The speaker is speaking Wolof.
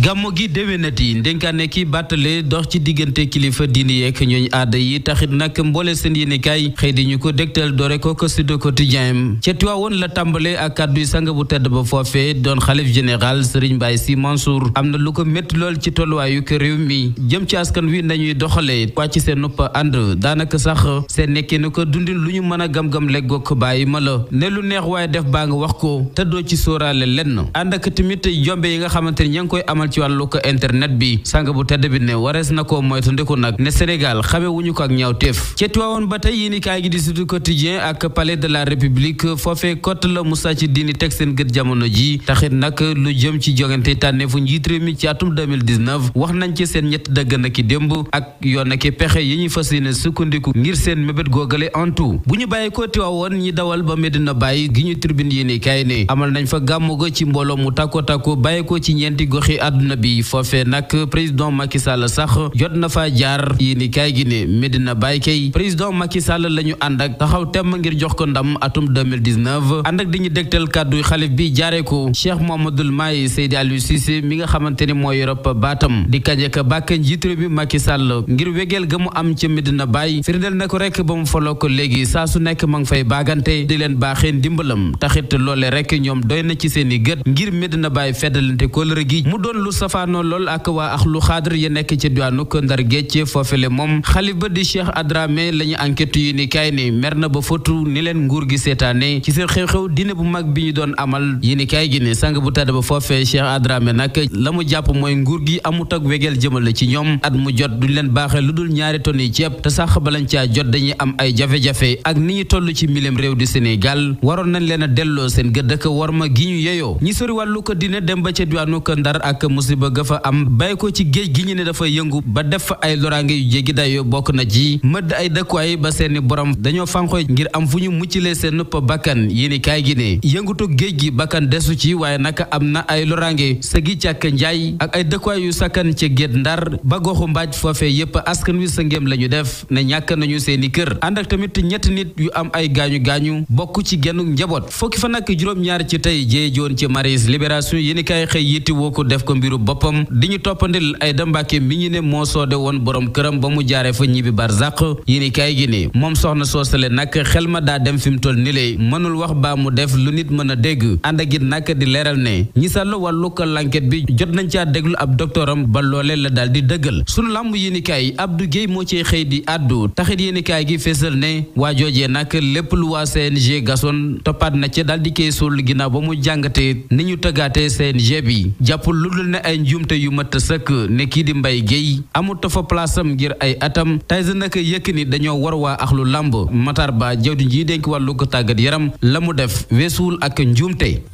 gàmmu gi déwénati ndénkaane ki bàttale dox ci diggante kilifa diini yeeg ñooñ aada yi taxit nag mboole seen yéenekaay xëy di ñu ko dégtal doore ko ko Sud Quotidien ca Tiwaawoon la tàmbale ak kàdduy sang bu tedd ba foofe doon xalif général Serigne Baye Sy Mansour am na lu ko métti lool ci tolluwaayu kër réew mi jëm ci askan wi nañuy doxale wàcc seen nopp ànd daanaka sax seen nekkee ni ko dundin lu ñu mën a gam-gam leggook bàyyi ma la ne lu neex waaye def baa nga wax ko te doo ci sóoraale lenn amal ci wàllug internet bi sàng bu tedd bi ne warees na ko moytandiku nag ne Sénégal xamee wuñu ko ak ñaawteef ca Tiwaawoon ba tey yéen i gi di Sud Quotidien ak palais de la République foofee cote la Moussa ci diini teg seen gët jamono ji taxit nag lu jëm ci jogante tànneefu njiit mi ci atum wax nañ ci seen ñett dëgg na ki démb ak yoon ki pexe yi ñuy fas yéene sukkandiku ngir seen mébét googale en tout bu ñu bàyyi ko Tiwaawoon ñi dawal ba Medina Baye i àdduna bi foofee nag président Macky Sall sax jot na faa jaar yi yéeni kaay gi ne Medina Baye kay président Macky Sall la ànd ak taxaw temm ngir jox ko ndam atum 2019 ànd ak di ñu dégtal kàddu xalif bi jaaree ko Cheikh Mouhamadoul Mahi sey Aliou Cissé mi nga xamante ni moo yorop baatam di kajeka bàkk njiit bi mi Macky ngir wegeel ga mu am ca Medina Baye firndeel na ko rek ba mu foloo ko léegi saa su nekk ma ngi fay baagante di leen baaxee ndimbalam taxit loole rek ñoom doy na ci seen i gët ngir Medina Baye feddalante lu safaanoo lool ak waa ax lu yi nekk ci diwaanu Ndar Géej foofule moom xalif ba di Cheikh Adramé la ñu enquête yi ni kaay ni mer na ba fotu ni leen nguur gi seetaane ci seen xew-xew dina bu mag bi ñu doon amal yi ni kaay gi ne sang bu tedd ba foofe Cheikh Adramé nag la mu jàpp mooy nguur gi amut ak wegeel jëmale ci ñoom at mu jot duñ leen baaxee lu dul ñaari tonn yi ceeb te sax balañ caa jot dañuy am ay jafe-jafe ak ni ñu toll ci milim réew di Sénégal waroon nañ leen a delloo seen gëdd ak war ma gi ñu yeyoo musiba ga fa am bàyyi ko ci géej gi ñu ne dafa yëngu ba def fa ay loraange yu jéggi dayo bokk na ji mëdd ay dëkkuwaay ba seeni borom dañoo fànqoy ngir am fu ñu mucc muccilee seen nëpp bakkan yéeni kaay gi ne yëngutu géej gi bakkan desu ci waaye naka am na ay loraange sëgi càkk njaay ak ay dëkkuwaay yu sakkan ci géej ndar ba goxu mbaaj foofee yépp askan wi sa ngéem lañu def ne ñàkk nañu seeni kër ànd ak tamit ñetti nit yu am ay gaañu gaañu bokk ci gennu njaboot mbiru boppam di ñu toppandil ay dambaake mi ñu ne moo soode woon borom këram ba mu jaaree fa ñibbi barzaq yéen kaay gi ne moom soxna soosale nag xel ma daa dem fi mu toll ni lay mënul wax baa mu def lu nit mën a dégg ànd ak it nag di leeral ne ñi sàll wàllu ko lanket bi jot nañ caa déglu ab doctoram ba loolee la daal di dëggal sunu làmb yéen kaay Abdou Guèye moo cee xëy di àddu taxit yéen gi fésal ne waa joojee nag lépp lu waa CNG gasoon toppaat na ca daal di koy suul ginnaaw ba mu jàngatee ni ñu tëggaatee am na ay njuumte yu mat sëkk ne kii di mbay Guèye amut fa place ngir ay atam Tyson yëkk Yékini dañoo war waa axlu làmb Matar Ba jawdi ji dénk wàllu ko tàggat yaram la mu def weesuwul ak njuumte